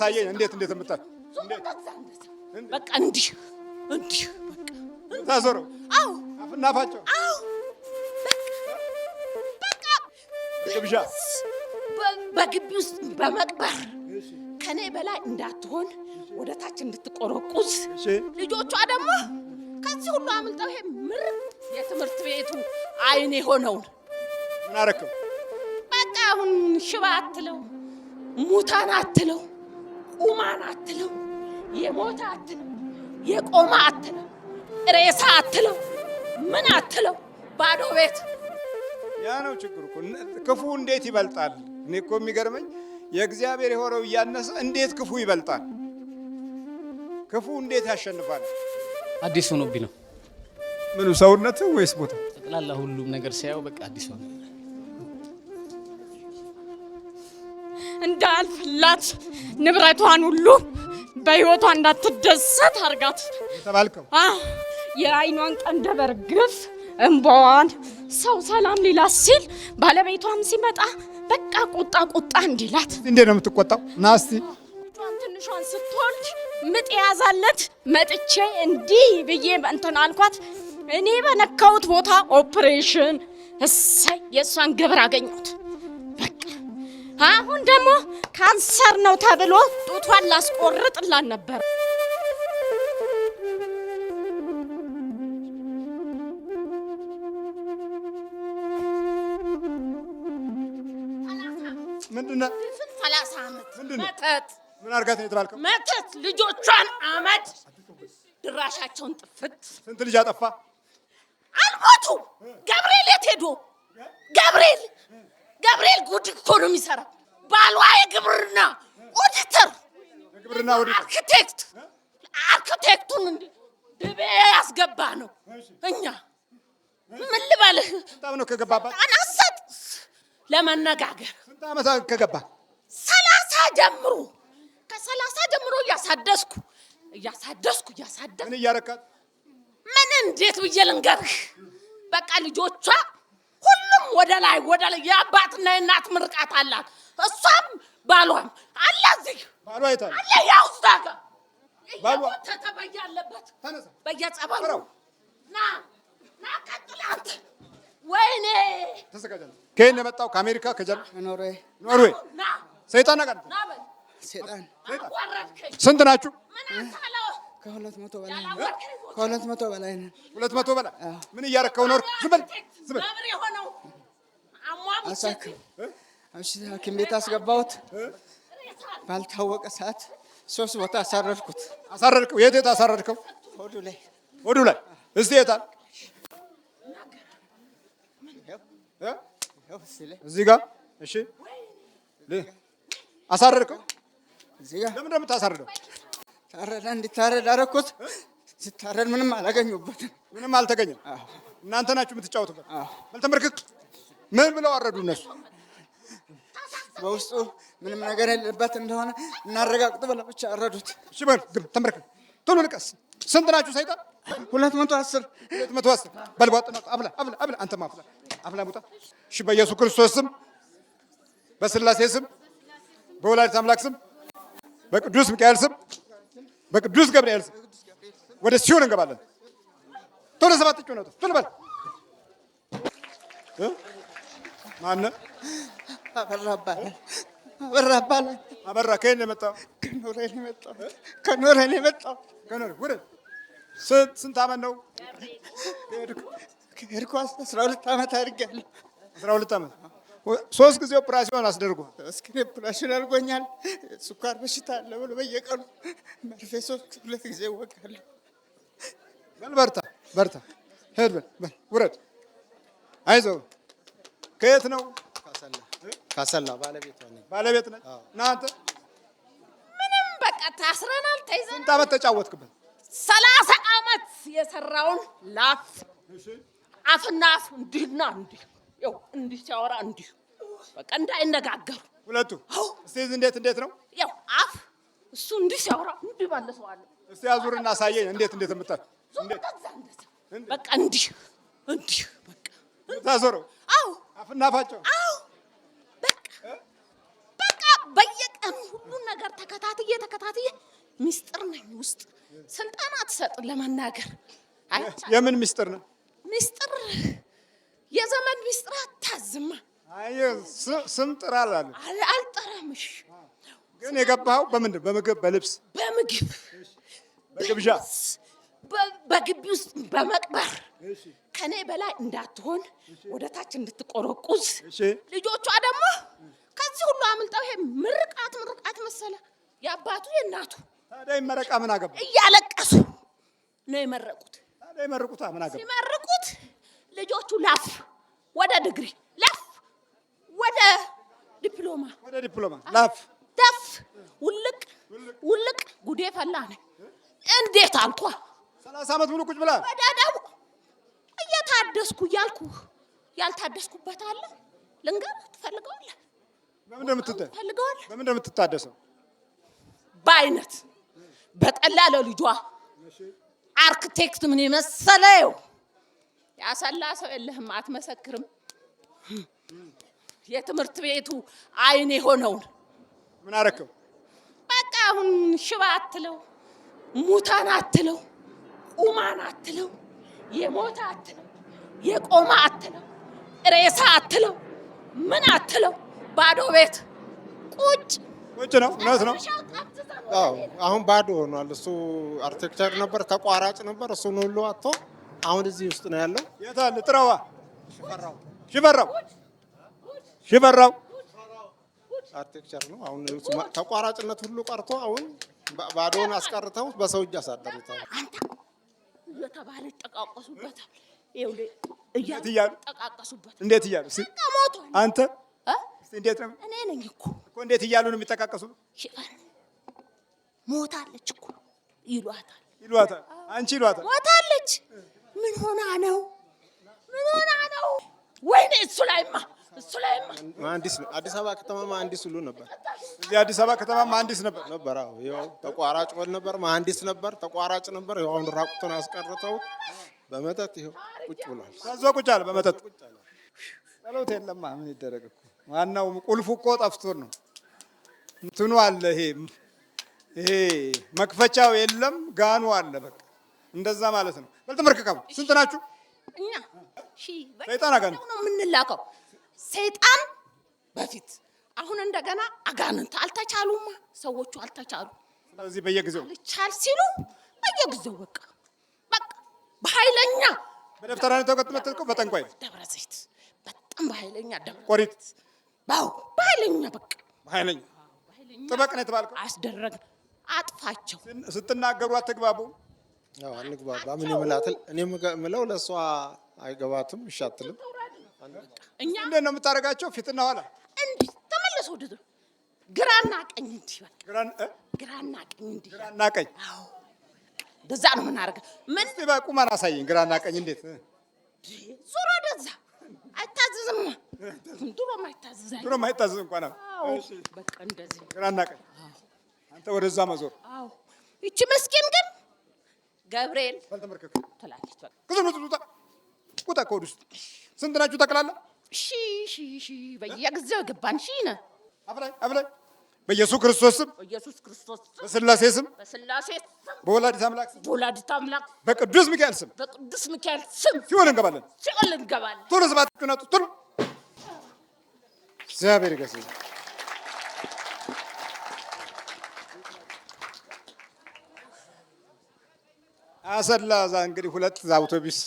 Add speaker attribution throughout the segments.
Speaker 1: ሳየኝ። እንዴት እንዴት ምታ
Speaker 2: በቃ እንዲህ እንዲህ በቃ ታሰረው። አዎ አፍናፋቸው። አዎ በቃ ግብዣ በግቢ ውስጥ በመቅበር ከኔ በላይ እንዳትሆን ወደ ታች እንድትቆረቁዝ ልጆቿ ደግሞ ከዚህ ሁሉ አምልጠው ይሄ ምር የትምህርት ቤቱ አይን የሆነውን ምን አረከው በቃ አሁን ሽባ አትለው ሙታን አትለው ኡማን አትለው፣ የሞተ አትለው፣ የቆመ አትለው፣ ሬሳ አትለው፣ ምን አትለው፣ ባዶ ቤት።
Speaker 1: ያ ነው ችግሩ። ክፉ እንዴት ይበልጣል? እኔ እኮ የሚገርመኝ የእግዚአብሔር የሆነው እያነሰ እንዴት ክፉ ይበልጣል? ክፉ እንዴት ያሸንፋል?
Speaker 3: አዲስ ሆኖብኝ ነው።
Speaker 1: ምኑ ሰውነት ወይስ ቦታ?
Speaker 3: ጠቅላላ ሁሉም ነገር ሲያየው በቃ አዲስ ሆነ።
Speaker 2: እንዳልፍላት ንብረቷን ሁሉ በህይወቷ እንዳትደሰት አርጋት። የአይኗን ቀንደበር ግፍ እንባዋን ሰው ሰላም ሊላት ሲል ባለቤቷም ሲመጣ በቃ ቁጣ ቁጣ እንዲላት።
Speaker 1: እንዴ ነው የምትቆጣው? ናስቲ
Speaker 2: ትንሿን ስትወልድ ምጥ የያዛለት መጥቼ እንዲህ ብዬ እንትን አልኳት። እኔ በነካሁት ቦታ ኦፕሬሽን። እሰይ የእሷን ግብር አገኘሁት። አሁን ደግሞ ካንሰር ነው ተብሎ ጡቷን ላስቆርጥላን ነበር።
Speaker 1: ምን አድርጋት ነው የተባልከው?
Speaker 2: መተት ልጆቿን አመድ ድራሻቸውን ጥፍት። ስንት ልጅ አጠፋ? አልሞቱ ገብርኤል የት ሄዶ ገብርኤል ገብርኤል ጉድ እኮ ነው የሚሰራው። ባሏ የግብርና ኦዲተር፣ አርክቴክት አርክቴክቱን እንደ ድቤ ያስገባ ነው። እኛ ምን ልበልህ አናሰጥ ለመነጋገር
Speaker 1: ስንት ዓመት ከገባ
Speaker 2: ሰላሳ ጀምሮ ከሰላሳ ጀምሮ እያሳደስኩ እያሳደስኩ እያሳደስኩ ምን እያረካት ምን እንዴት ብዬ ልንገርህ በቃ ልጆቿ እሷም ወደ ላይ ወደ ላይ የአባትና የእናት ምርቃት አላት። እሷም ባሏም አለ እዚህ
Speaker 1: ባሏ አለ
Speaker 2: ያው እዛ ጋር እየጎተተ በያለበት ና ና ቀጥላት። ወይኔ
Speaker 1: ተዘጋጃለሁ። ከየት ነው የመጣው? ከአሜሪካ ኖርዌይ ኖርዌይ ሰይጣን ነገር ሰይጣን ስንት ናችሁ?
Speaker 4: ከሁለት መቶ በላይ ከሁለት
Speaker 1: ሁለት መቶ በላይ ምን እያረከው ነው? ዝም በል ዝም
Speaker 2: በል።
Speaker 4: አሳክም እሺ፣ ሐኪም ቤት አስገባሁት። ባልታወቀ ሰዓት ሶስት ቦታ አሳረድኩት።
Speaker 1: አሳረድከው? የት የት አሳረድከው? ሆዱ ላይ ሆዱ ላይ። እስቲ የት አለ? እዚህ ጋር። እሺ፣ አሳረድከው? እዚህ ጋር። ለምን እንደምታሳርደው
Speaker 4: ታረዳ እንዲታረድ አደረኩት። ስታረድ ምንም አላገኙበትም።
Speaker 1: ምንም አልተገኘም። እናንተ ናችሁ የምትጫወቱበት። መልተመርክክ ምን ብለው አረዱ እነሱ
Speaker 4: በውስጡ ምንም ነገር የለበት እንደሆነ እናረጋግጡ ብለው ብቻ አረዱት።
Speaker 1: እሺ በል ተመርክክ፣ ቶሎ ልቀስ። ስንት ናችሁ ሰይጣን?
Speaker 4: ሁለት መቶ አስር
Speaker 1: ሁለት መቶ አስር በልቧጥ ነው። አብላ አብላ አብላ፣ አንተማ አብላ አብላ፣ ሙጣ። እሺ በኢየሱስ ክርስቶስ ስም፣ በስላሴ ስም፣ በወላዲተ አምላክ ስም፣ በቅዱስ ሚካኤል ስም በቅዱስ ገብርኤል ወደ ሲዮን እንገባለን። ቶሎ ሰባት ጩ ነው። ቶሎ በል ማነ
Speaker 4: አበራ እባላለሁ።
Speaker 1: አበራ ከየት ነው የመጣው?
Speaker 4: የመጣው። የመጣው። ስንት ነው አስራ ሁለት አድርጌያለሁ።
Speaker 1: አስራ ሁለት ሶስት ጊዜ ኦፕራሲዮን አስደርጎ
Speaker 4: እስኪ ኦፕራሲዮን አድርጎኛል። ስኳር በሽታ አለ ብሎ በየቀኑ መርፌ ሶስት ሁለት ጊዜ እወጋለሁ።
Speaker 1: በል በርታ፣ በርታ፣ ሄድ በል ውረድ፣ አይዞህ። ከየት ነው?
Speaker 3: ካሰላ። ባለቤት
Speaker 1: ባለቤት ነህ? እናንተ
Speaker 2: ምንም በቃ ታስረናል፣ ተይዘናል።
Speaker 1: ስንት ዓመት ተጫወትክበት?
Speaker 2: ሰላሳ ዓመት የሰራውን ላፍ አፍና አፍ እንዲህና እንዲህ ያው እንዲህ ሲያወራ እንዲህ በቃ እንዳይነጋገሩ
Speaker 1: ሁለቱ። እስቲ እንዴት እንዴት ነው
Speaker 2: ያው አፍ እሱ እንዲህ ሲያወራ እንዲህ ባለ ሰው አለ።
Speaker 1: እስቲ አዙርና አሳየኝ እንዴት እንዴት የምታል
Speaker 2: በቃ እንዲህ እንዲህ በቃ ታዞረው። አዎ አፍና አዎ በቃ በቃ በየቀኑ ሁሉን ነገር ተከታትዬ ተከታትዬ ሚስጥር ነኝ ውስጥ ስልጠና ትሰጥ ለመናገር
Speaker 1: የምን ሚስጥር ነው
Speaker 2: ሚስጥር የዘመድ ሚስጥር አታዝማ።
Speaker 1: ስም ጥራ አላለም
Speaker 2: አልጠራምሽ።
Speaker 1: ግን የገባኸው በምንድን በምግብ በልብስ በምግብ በግብዣ
Speaker 2: በግቢ ውስጥ በመቅበር ከኔ በላይ እንዳትሆን ወደ ታች እንድትቆረቁዝ ልጆቿ ደግሞ ከዚህ ሁሉ አምልጠው ይሄ ምርቃት ምርቃት መሰለ የአባቱ የእናቱ
Speaker 1: ታዲያ ይመረቃ ምን አገባ
Speaker 2: እያለቀሱ ነው የመረቁት።
Speaker 1: ታዲያ ይመርቁታ ምን አገባ
Speaker 2: ልጆቹ ላፍ ወደ ድግሪ ላፍ ወደ ዲፕሎማ
Speaker 1: ወደ ዲፕሎማ ላፍ
Speaker 2: ደፍ ውልቅ ውልቅ ጉዴ ፈላ ነኝ። እንዴት አልኳ።
Speaker 1: ሰላሳ ዓመት ሙሉ ቁጭ ብላ
Speaker 2: ወደ እየታደስኩ እያልኩ ያልታደስኩበት አለ። ልንገርህ፣ ትፈልገዋለህ። በምን
Speaker 1: እንደምትታደሰው
Speaker 2: በአይነት በጠላ ለልጇ አርክቴክት ምን የመሰለው ያሰላ ሰው የለህም፣ አትመሰክርም። የትምህርት ቤቱ አይን የሆነውን ምን አረከው? በቃ አሁን ሽባ አትለው፣ ሙታን አትለው፣ ቁማን አትለው፣ የሞተ አትለው፣ የቆማ አትለው፣ ሬሳ አትለው፣ ምን አትለው፣ ባዶ ቤት ቁጭ
Speaker 1: ቁጭ ነው። እውነት ነው። አሁን ባዶ ሆኗል። እሱ አርኪቴክቸር ነበር፣ ተቋራጭ ነበር። እሱን ሁሉ አቶ አሁን እዚህ ውስጥ ነው ያለው። የታለ ጥራዋ ሽፈራው ሽፈራው አርቴክቸር ነው አሁን ተቋራጭነት ሁሉ ቀርቶ አሁን ባዶን አስቀርተው በሰው እጅ አሳደሩታል።
Speaker 2: አንተ እየተባለ ጠቃቀሱበታል። እንዴት
Speaker 1: እያሉ እንዴት እያሉ አንተ እንዴት ነው እኔ ነኝ እኮ እኮ እንዴት እያሉ ነው የሚጠቃቀሱ?
Speaker 2: ሞታለች እኮ ይሏታል
Speaker 1: ይሏታል አንቺ ይሏታል
Speaker 2: ሞታለች ምን ሆና ነው? ምን ሆና ነው? ወይኔ እሱ ላይማ እሱ ላይማ
Speaker 1: መሀንዲስ ነው። አዲስ አበባ ከተማ መሀንዲስ ሁሉ ነበር። እዚህ አዲስ አበባ ከተማ መሀንዲስ ነበር ነበር። አዎ ይኸው ተቋራጭ ወል ነበር፣ መሀንዲስ ነበር፣ ተቋራጭ ነበር። ይኸው አሁን ራቁቱን አስቀርተው በመጠጥ ይኸው ቁጭ ብሏል። ከዛ ቁጭ አለ በመጠጥ ጸሎት የለማ ምን ይደረግ እኮ ዋናው ቁልፉ እኮ ጠፍቶን ነው። እንትኑ አለ ይሄ ይሄ መክፈቻው የለም፣ ጋኑ አለ። በቃ እንደዛ ማለት ነው። ያልተመረከካቡ ስንት ናችሁ? እኛ ሰይጣን አጋንንት ነው
Speaker 2: የምንላከው። ሰይጣን በፊት አሁን እንደገና አጋንንት አልተቻሉማ፣ ሰዎቹ አልተቻሉ።
Speaker 1: ስለዚህ በየጊዜው
Speaker 2: አልቻል ሲሉ በየጊዜው በቃ በቃ በኃይለኛ
Speaker 1: በደብተራ ነው በጠንቋይ
Speaker 2: ደብረ ዘይት በጣም በኃይለኛ ደብረ ቆሪት ባው በኃይለኛ
Speaker 1: በቃ በኃይለኛ ጥበቅ ነው የተባልከው
Speaker 2: አስደረግ አጥፋቸው
Speaker 1: ስትናገሩ አትግባቡ አንግባባ ምን ይምላትል? እኔ ምለው ለእሷ አይገባትም፣ ይሻትልም። እንዴት ነው የምታደርጋቸው? ፊትና ኋላ
Speaker 2: እንዲህ ተመለሰ ወደ ግራና ቀኝ እንዲህ፣
Speaker 1: ግራና ቀኝ እንዲህ፣ ግራና ቀኝ።
Speaker 2: እንደዛ ነው የምናደርገው።
Speaker 1: ምን በቁመና አሳየኝ። ግራና ቀኝ እንዴት
Speaker 2: ዞሮ ወደዛ አይታዘዝም። ድሮም አይታዘዝም፣
Speaker 1: ድሮም አይታዘዝም። እንኳን
Speaker 2: በቃ እንደዚህ
Speaker 1: ግራና ቀኝ፣ አንተ ወደዛ መዞር።
Speaker 2: ይቺ መስኪን ግን ገብርኤል ትላለች።
Speaker 1: ውጣ ከወደ ውስጥ ስንት ናችሁ ጠቅላላ?
Speaker 2: በየጊዜው ገባን ነ
Speaker 1: አብላይ በኢየሱስ ክርስቶስ ስም
Speaker 2: በኢየሱስ ክርስቶስ ስም በስላሴ ስም በስላሴ ስም
Speaker 1: በወላዲተ አምላክ
Speaker 2: ስም በወላዲተ አምላክ
Speaker 1: በቅዱስ ሚካኤል ስም
Speaker 2: በቅዱስ ሚካኤል ስም ሲኦል እንገባለን፣ ሲኦል እንገባለን።
Speaker 1: ቶሎ እግዚአብሔር አሰላ ዛ እንግዲህ ሁለት አውቶቢስ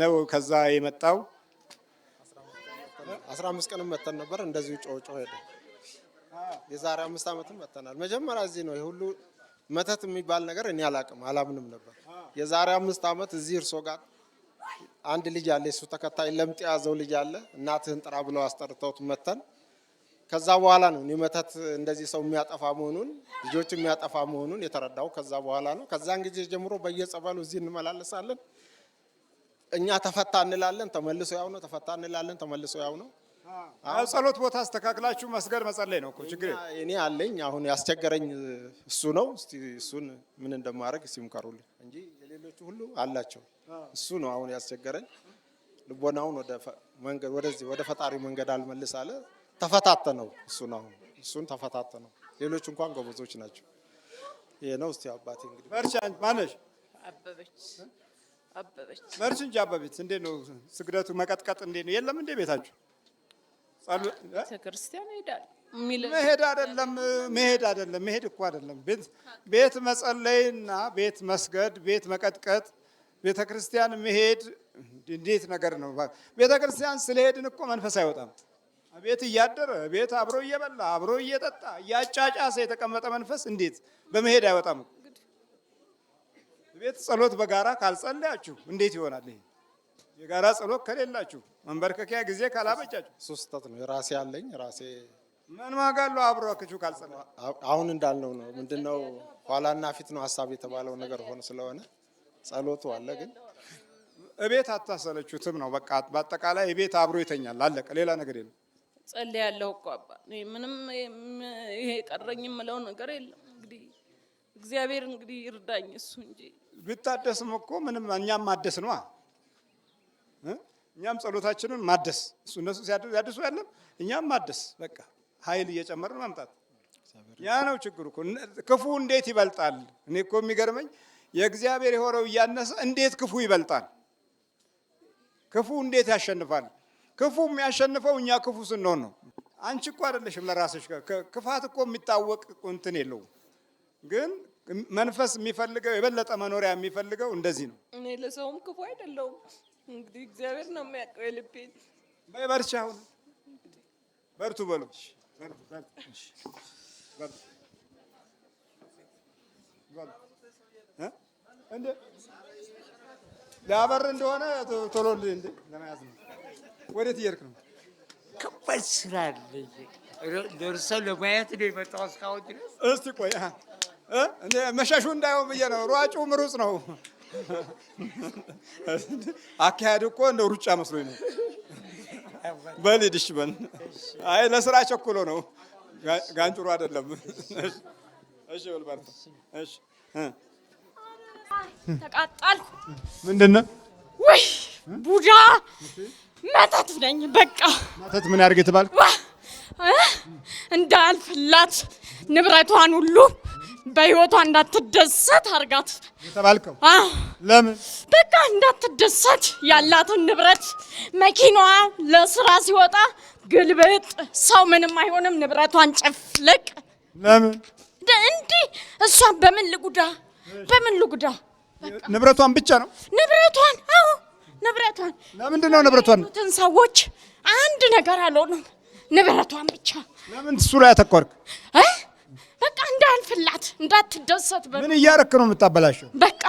Speaker 1: ነው ከዛ የመጣው። አስራ አምስት ቀንም መተን ነበር እንደዚሁ ጮ ጮ ሄደ። የዛሬ አምስት ዓመትም መተናል። መጀመሪያ እዚህ ነው የሁሉ መተት የሚባል ነገር እኔ አላቅም አላምንም ነበር። የዛሬ አምስት ዓመት እዚህ እርሶ ጋር አንድ ልጅ አለ የሱ ተከታይ ለምጥ የያዘው ልጅ አለ እናትህን ጥራ ብለው አስጠርተውት መተን ከዛ በኋላ ነው እኔ መተት እንደዚህ ሰው የሚያጠፋ መሆኑን ልጆች የሚያጠፋ መሆኑን የተረዳው ከዛ በኋላ ነው። ከዛን ጊዜ ጀምሮ በየጸበሉ እዚህ እንመላለሳለን። እኛ ተፈታ እንላለን፣ ተመልሶ ያው ነው። ተፈታ እንላለን፣ ተመልሶ ያው ነው። ጸሎት ቦታ አስተካክላችሁ መስገድ መጸለይ ነው እኮ ችግር። እኔ አለኝ አሁን ያስቸገረኝ እሱ ነው። እስቲ እሱን ምን እንደማድረግ እስቲ ሙከሩልኝ እንጂ የሌሎቹ ሁሉ አላቸው። እሱ ነው አሁን ያስቸገረኝ። ልቦናውን ወደ መንገድ ወደዚህ ወደ ፈጣሪ መንገድ አልመልስ አለ። ተፈታተነው እሱ ነው እሱን ተፈታተነው። ሌሎች እንኳን ጎበዞች ናቸው። ይሄ ነው። እስቲ አባቴ እንግዲህ መርሻን ማነሽ
Speaker 5: አበበች አበበች
Speaker 1: መርሽ እንጂ አበበች። እንዴት ነው ስግደቱ? መቀጥቀጥ እንዴ ነው? የለም እንዴ ቤታችሁ
Speaker 5: ቤተክርስቲያን ሄዳል
Speaker 1: መሄድ አይደለም መሄድ አይደለም መሄድ እኮ አይደለም። ቤት ቤት መጸለይና ቤት መስገድ፣ ቤት መቀጥቀጥ፣ ቤተክርስቲያን መሄድ እንዴት ነገር ነው? ቤተክርስቲያን ስለሄድን እኮ መንፈስ አይወጣም። ቤት እያደረ ቤት አብሮ እየበላ አብሮ እየጠጣ እያጫጫሰ የተቀመጠ መንፈስ እንዴት በመሄድ አይወጣም? ቤት ጸሎት በጋራ ካልጸለያችሁ እንዴት ይሆናል? ይሄ የጋራ ጸሎት ከሌላችሁ መንበርከኪያ ጊዜ ካላበጃችሁ ሶስታት ነው። ራሴ አለኝ ራሴ ምን ማጋሉ አክቹ ካልጸለ አሁን እንዳልነው ነው። ምንድነው ኋላና ፊት ነው ሀሳብ የተባለው ነገር ሆነ ስለሆነ ጸሎቱ አለ ግን እቤት አታሰለችሁትም ነው። በቃ በአጠቃላይ እቤት አብሮ ይተኛል። አለቀ። ሌላ ነገር የለም።
Speaker 5: ጸልያለሁ እኮ አባ። ምንም ይሄ ቀረኝ የምለው ነገር የለም። እንግዲህ እግዚአብሔር እንግዲህ ይርዳኝ እሱ እንጂ
Speaker 1: ብታደስም እኮ ምንም እኛም ማደስ ነዋ። እኛም ጸሎታችንን ማደስ እሱ እነሱ ሲያድሱ ያለም እኛም ማደስ በቃ ኃይል እየጨመርን ማምጣት ያ ነው ችግሩ። ክፉ እንዴት ይበልጣል? እኔ እኮ የሚገርመኝ የእግዚአብሔር የሆነው እያነሰ እንዴት ክፉ ይበልጣል? ክፉ እንዴት ያሸንፋል? ክፉ የሚያሸንፈው እኛ ክፉ ስንሆን ነው። አንቺ እኮ አይደለሽም ለራስሽ ክፋት እኮ የሚታወቅ እንትን የለውም። ግን መንፈስ የሚፈልገው የበለጠ መኖሪያ የሚፈልገው እንደዚህ ነው።
Speaker 5: እኔ ለሰውም ክፉ አይደለሁም። እንግዲህ እግዚአብሔር ነው የሚያውቀው የልቤን።
Speaker 1: በርቺ፣ አሁን በርቱ በለው። ሊያበር እንደሆነ ቶሎ ለመያዝ ነው ወዴት እየሄድክ ነው?
Speaker 3: ከባድ ስራ አለ። ደርሰህ ለማየት ነው የመጣው እስካሁን ድረስ።
Speaker 1: እስቲ ቆይ እ መሸሹ እንዳይሆን ብዬ ነው። ሯጩም ሩጽ ነው። አካሄድ እኮ እንደ ሩጫ መስሎኝ ነው። በል ሂድ፣ እሺ በል። አይ ለስራ ቸኩሎ ነው ጋንጩሮ አይደለም። እሺ በል በርታ። እሺ
Speaker 2: ተቃጣልኩ። ምንድን ነው ውይ ቡዳ መተት ነኝ። በቃ
Speaker 1: መተት ምን ያድርግ ትባል
Speaker 2: እንዳልፍላት ንብረቷን ሁሉ በህይወቷ እንዳትደሰት አርጋት
Speaker 1: የተባልከው ለምን? በቃ
Speaker 2: እንዳትደሰት ያላትን ንብረት መኪናዋ ለስራ ሲወጣ ግልብጥ ሰው ምንም አይሆንም። ንብረቷን ጨፍለቅ። ለምን እንዲህ እሷን በምን ልጉዳ? በምን ልጉዳ?
Speaker 1: ንብረቷን ብቻ ነው
Speaker 2: ንብረቷን። አዎ ንብረቷን
Speaker 1: ለምንድን ነው ንብረቷን
Speaker 2: ሰዎች አንድ ነገር አልሆኑም። ንብረቷን ብቻ
Speaker 1: ለምን እሱ ላይ አተኮርክ?
Speaker 2: በቃ እንዳልፍላት እንዳትደሰት።
Speaker 1: ምን እያረክ ነው የምታበላሸው?
Speaker 2: በቃ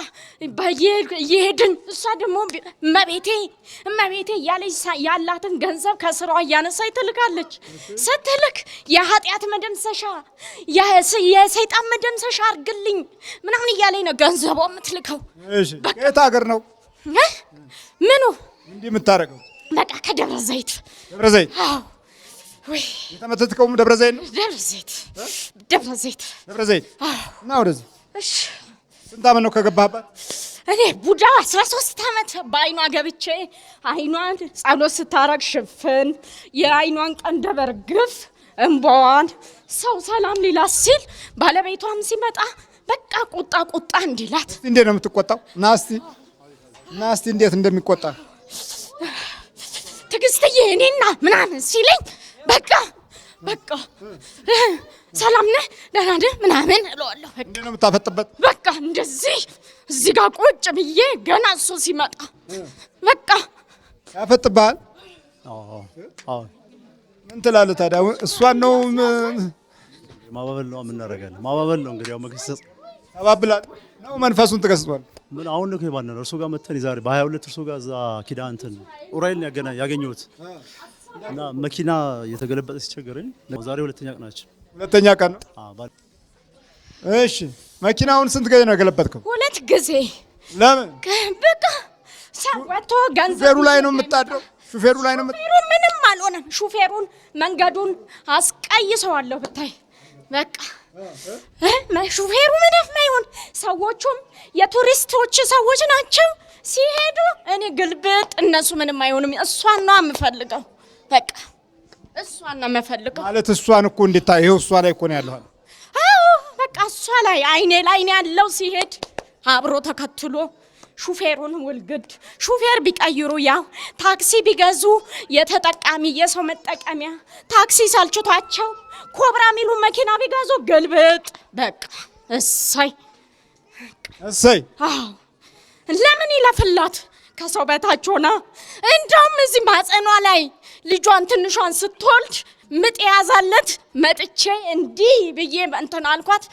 Speaker 2: እየሄድን እሷ ደግሞ እመቤቴ እመቤቴ እያለች ያላትን ገንዘብ ከስሯ እያነሳች ትልካለች። ስትልክ የኃጢአት መደምሰሻ የሰይጣን መደምሰሻ አርግልኝ ምናምን እያለኝ ነው ገንዘቧ የምትልከው። የት ሀገር ነው? ምኑ
Speaker 1: እንዲህ የምታደርገው
Speaker 2: በቃ ከደብረ ዘይት
Speaker 1: ደብረ ዘይት የተመተትከውም ደብረ ዘይት ነው።
Speaker 2: ደብረ ዘይት ደብረ ዘይት
Speaker 1: ደብረ ዘይት እና ወደዚህ እሺ። ስንት ዓመት ነው ከገባህባት?
Speaker 2: እኔ ቡዳ 13 ዓመት በአይኗ ገብቼ አይኗን ጸሎት ስታረግ ሽፍን የአይኗን ቀንደበርግፍ እንባዋን ሰው ሰላም ሊላ ሲል ባለቤቷም ሲመጣ በቃ ቁጣ ቁጣ እንዲላት
Speaker 1: እንዴት ነው የምትቆጣው? ና እስቲ እና እስቲ እንዴት እንደሚቆጣ
Speaker 2: ትዕግስትዬ እኔና ምናምን ሲለኝ በቃ በቃ ሰላም ነህ ደህና ነህ ምናምን
Speaker 1: እለዋለሁ። እንዴ ነው የምታፈጥበት?
Speaker 2: በቃ እንደዚህ እዚህ ጋር ቁጭ ብዬ ገና እሱ ሲመጣ በቃ
Speaker 1: ያፈጥብሃል። ምን ትላለህ ታዲያ? እሷን ነው
Speaker 3: ማባበል ነው የምናደርጋለን። ማባበል ነው እንግዲህ ያው መገሰጽ
Speaker 1: ያባብላል። ነው መንፈሱን ተከስቷል።
Speaker 3: ምን አሁን ነው ከባነ ነው እርሱ ጋር መተን የዛሬ በ22 እርሱ ጋር እዛ ኪዳ እንትን ኡራኤል ያገና ያገኘሁት እና መኪና የተገለበጠ ሲቸገረኝ ዛሬ ሁለተኛ ቀናችን
Speaker 1: ሁለተኛ ቀን ነው። እሺ መኪናውን ስንት ጊዜ ነው የገለበጥከው? ሁለት ጊዜ። ለምን?
Speaker 2: በቃ ሰውቶ ገንዘብ ሹፌሩ
Speaker 1: ላይ ነው የምታድረው? ሹፌሩ ላይ ነው የምታድረው?
Speaker 2: ምንም አልሆነም። ሹፌሩን መንገዱን አስቀይሰዋለሁ ብታይ በቃ ሹፌሩ ምንም አይሁን፣ ሰዎቹም የቱሪስቶች ሰዎች ናቸው። ሲሄዱ እኔ ግልብጥ፣ እነሱ ምንም አይሆንም። እሷን ነው የምፈልገው፣ በቃ እሷን ነው የምፈልገው።
Speaker 1: ማለት እሷን እኮ እንድታይ ይኸው እሷ ላይ እኮ ነው ያለው።
Speaker 2: አዎ በቃ እሷ ላይ አይኔ ላይ ነው ያለው። ሲሄድ አብሮ ተከትሎ ሹፌሩን ውልግድ ሹፌር ቢቀይሩ ያው ታክሲ ቢገዙ የተጠቃሚ የሰው መጠቀሚያ ታክሲ ሳልችቷቸው ኮብራ ሚሉ መኪና ቢገዙ ግልብጥ በቃ እሰይ እሰይ። አዎ ለምን ይለፍላት ከሰው በታች ሆና። እንደውም እዚህ ማጸኗ ላይ ልጇን ትንሿን ስትወልድ ምጥ የያዛለት መጥቼ እንዲህ ብዬ እንትን አልኳት።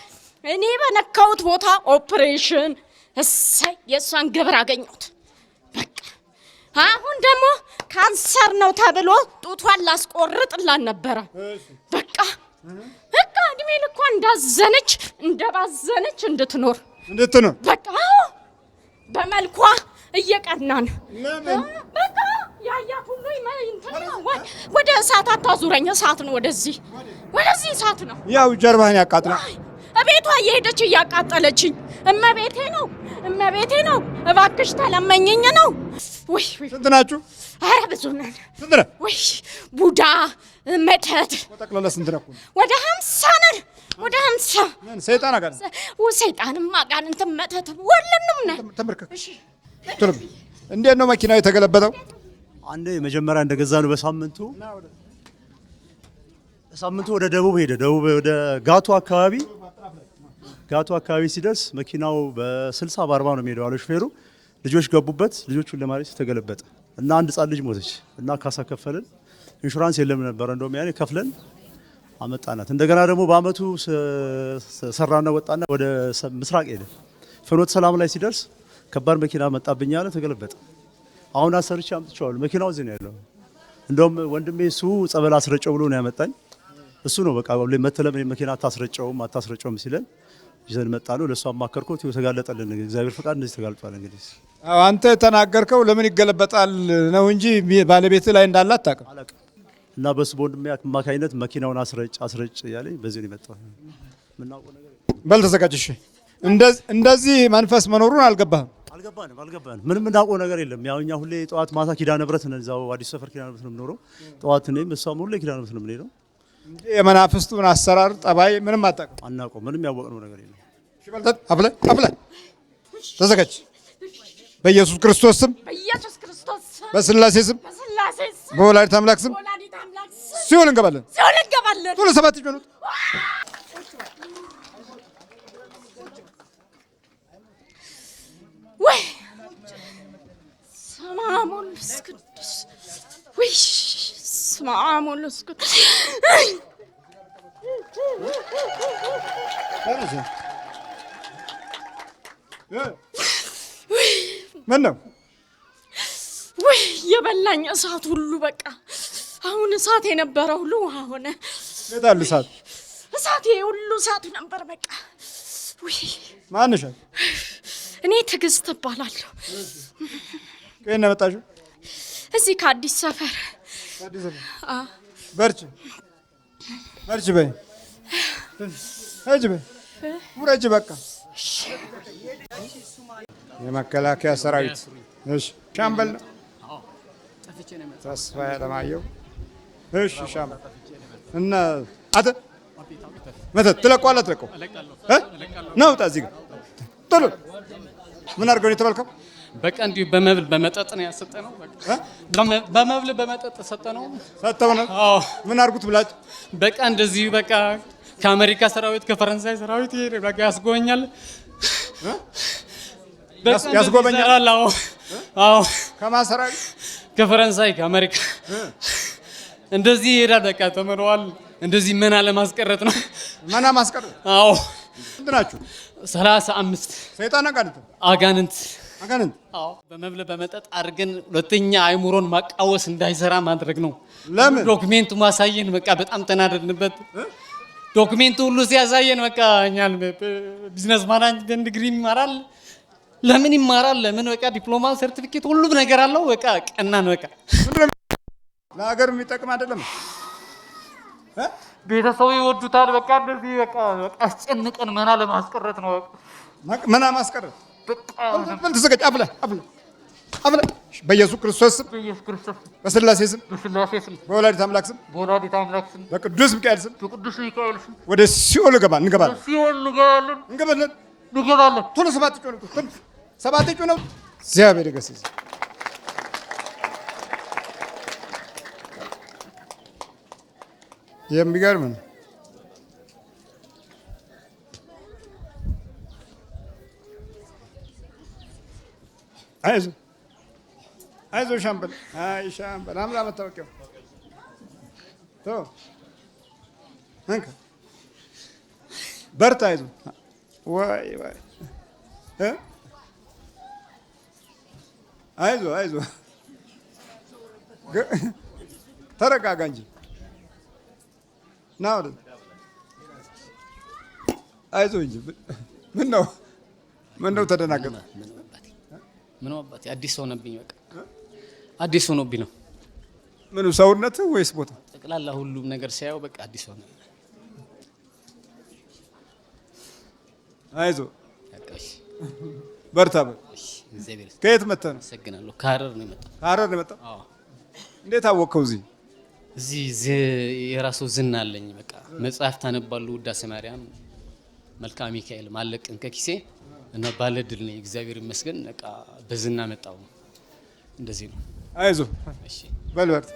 Speaker 2: እኔ በነካሁት ቦታ ኦፕሬሽን እሰይ የእሷን ግብር አገኘሁት። በቃ አሁን ደግሞ ካንሰር ነው ተብሎ ጡቷን ላስቆርጥላን ነበረ። በቃ በቃ እድሜ ልኳ እንዳዘነች እንደባዘነች እንድትኖር እንድትኖር በቃ በመልኳ እየቀናን በቃ ያያት ሁሉ ወደ እሳት አታዙረኝ። እሳት ነው ወደዚህ ወደዚህ እሳት ነው።
Speaker 1: ያው ጀርባህን ያቃጥላል
Speaker 2: እቤቷ እየሄደች እያቃጠለችኝ። እመቤቴ ነው እመቤቴ ነው፣ እባክሽ ተለመኝኝ ነው። ወይ ስንት ናችሁ? አረ ብዙ ነን። ስንት ነህ? ወይ ቡዳ መተት ጠቅላላ ስንት ነህ? ወደ ሀምሳ ነን። ወደ ሀምሳ ሰይጣን አጋር ሰይጣንም አጋንንትም መተትም ሁሉንም ነን።
Speaker 1: ተመርከሽ እንዴት ነው መኪናው የተገለበጠው?
Speaker 3: አንዴ መጀመሪያ እንደገዛ ነው በሳምንቱ በሳምንቱ ወደ ደቡብ ሄደ። ደቡብ ወደ ጋቱ አካባቢ ጋቱ አካባቢ ሲደርስ መኪናው በ60 በ40 ነው የሚሄደው አለ ሹፌሩ። ልጆች ገቡበት። ልጆቹን ለማሪስ ተገለበጠ እና አንድ ህጻን ልጅ ሞተች እና ካሳ ከፈልን። ኢንሹራንስ የለም ነበረ። እንደውም ያኔ ከፍለን አመጣናት። እንደገና ደግሞ በአመቱ ሰራና ወጣና ወደ ምስራቅ ሄደ። ፍኖተ ሰላም ላይ ሲደርስ ከባድ መኪና መጣብኝ አለ፣ ተገለበጠ። አሁን አሰርቼ አምጥቼዋለሁ። መኪናው እዚህ ነው ያለው። እንደውም ወንድሜ እሱ ጸበል አስረጨው ብሎ ነው ያመጣኝ። እሱ ነው በቃ መተለም መኪና አታስረጨውም አታስረጨውም ሲለን ይዘን መጣ ነው። ለእሱ አማከርኩት ተጋለጠልን። እግዚአብሔር ፈቃድ እንደዚህ ተጋልጧል። እንግዲህ
Speaker 1: አንተ ተናገርከው ለምን ይገለበጣል ነው እንጂ ባለቤት ላይ እንዳለ አታውቅም።
Speaker 3: እና በሱ በወንድሜ አማካኝነት መኪናውን አስረጭ አስረጭ እያለ በዚህ ነው የመጣው።
Speaker 1: በል ተዘጋጅሽ። እሺ፣ እንደዚህ መንፈስ መኖሩን አልገባህም?
Speaker 3: አልገባንም አልገባንም። ምንም እናውቀው ነገር የለም። ያው እኛ ሁሌ ጠዋት ማታ ኪዳነ ምህረት ነን። እዛው አዲስ ሰፈር ኪዳነ ምህረት ነው የምኖረው። ጠዋት እኔም እሷም ሁሌ ኪዳነ ምህረት ነው የምንሄደው
Speaker 1: የመናፍስቱን አሰራር ጠባይ ምንም አጠቅም
Speaker 3: አናውቀው። ምንም ያወቅነው ነገር የለም።
Speaker 1: ሽበልተት አብለ አብለ ተዘጋጅ። በኢየሱስ ክርስቶስ ስም በስላሴ ስም በወላዲተ አምላክ ስም ሲሆን እንገባለን።
Speaker 2: ሲሆን እንገባለን። ሁሉ ሰባት ይጆኑ ወይ ሰማሙን ስክዱስ ወይ በስመ አብ ወወልድ ወመንፈስ
Speaker 1: ቅዱስ ምን ነው
Speaker 2: ውይ የበላኝ እሳት ሁሉ በቃ አሁን እሳት የነበረ ሁሉ ውሃ ሆነ። የጣሉ እሳት እሳት ሁሉ እሳት ነበር በቃ ማንሽ እኔ ትዕግስት እባላለሁ። ከየት ነው የመጣሽው? እዚህ ከአዲስ ሰፈር
Speaker 1: በርቺ በርቺ በይ ሂጂ በይ ውረጅ በቃ የመከላከያ ሰራዊት ሻምበል ነው ተስፋ ያለማየው እሺ ሻምበል እና አንተ መተት ትለቀዋለህ አትለቀውም እ ናውጣ እዚህ ጋር ቶሎ ምን አድርገው ነው የተባልከው
Speaker 5: በቃ እንዲሁ በመብል በመጠጥ ነው ያሰጠነው። በመብል በመጠጥ ሰጠነው
Speaker 1: ሰጠነው። ምን አድርጉት ብላችሁ
Speaker 5: በቃ እንደዚህ በቃ ከአሜሪካ ሰራዊት ከፈረንሳይ ሰራዊት ይሄ በቃ ያስጎበኛል ያስጎበኛል። አዎ አዎ፣ ከማን ሰራዊት? ከፈረንሳይ ከአሜሪካ እንደዚህ ይሄዳል። በቃ ተምረዋል። እንደዚህ መና ለማስቀረጥ ነው።
Speaker 1: መና ማስቀረጥ። አዎ። ምንድናችሁ?
Speaker 5: ሰላሳ አምስት ሰይጣን አጋንንት አጋንንት አጋንንት አዎ፣ በመብለ በመጠጥ አድርገን ሁለተኛ አይምሮን ማቃወስ እንዳይሰራ ማድረግ ነው። ለምን ዶክሜንቱ ማሳየን፣ በቃ በጣም ተናደድንበት። ዶክሜንቱ ሁሉ ሲያሳየን በቃ እኛን ቢዝነስ ማናጅመንት ዲግሪ ይማራል ለምን ይማራል? ለምን በቃ ዲፕሎማ ሰርቲፊኬት ሁሉም ነገር አለው። በቃ ቀናን በቃ
Speaker 1: ለሀገር የሚጠቅም አይደለም።
Speaker 5: ቤተሰቡ ይወዱታል። በቃ እንደዚህ በቃ አስጨንቀን መና ለማስቀረት ነው
Speaker 1: መና ማስቀረት ተዘጋጅ። አብላ አብላ አብላ። በኢየሱስ ክርስቶስ ስም፣ በስላሴ ስም፣ በወላዲተ አምላክ ስም፣ በቅዱስ ሚካኤል ስም፣ ወደ ሲኦል ገባል
Speaker 3: እንገባለን።
Speaker 1: ቶሎ ሰባት ጩ ነው፣ ሰባት ጩ ነው። እግዚአብሔር ይገስጽ። የሚገርም ነው። አይዞ አይዞ ሻምበል አይ ሻምበል አምላ መታወቂያው በርታ አይዞ ወይ ወይ አይዞ አይዞ ተረጋጋ እንጂ ና ወደ አይዞ እንጂ ምን ነው ምን ነው ተደናገጠ
Speaker 3: ምን አባቴ አዲስ ሆነብኝ። በቃ አዲስ ሆኖብኝ ነው።
Speaker 1: ምኑ ሰውነት ወይስ ቦታ?
Speaker 3: ጠቅላላ ሁሉም ነገር ሲያየው በቃ አዲስ ሆነ።
Speaker 1: አይዞህ በርታ። ከየት መጣ ነው?
Speaker 3: አመሰግናለሁ። ከሀረር ነው የመጣው።
Speaker 1: ከሀረር ነው የመጣው። እንዴት አወቅከው? እዚህ
Speaker 3: እዚህ የራሱ ዝና አለኝ። በቃ መጽሐፍ ታነባሉ። ውዳሴ ማርያም፣ መልክአ ሚካኤል ማለቅን ከኪሴ እና ባለ እድል ነኝ እግዚአብሔር ይመስገን። በቃ በዝና መጣው እንደዚህ ነው።
Speaker 1: አይዞ በልበርት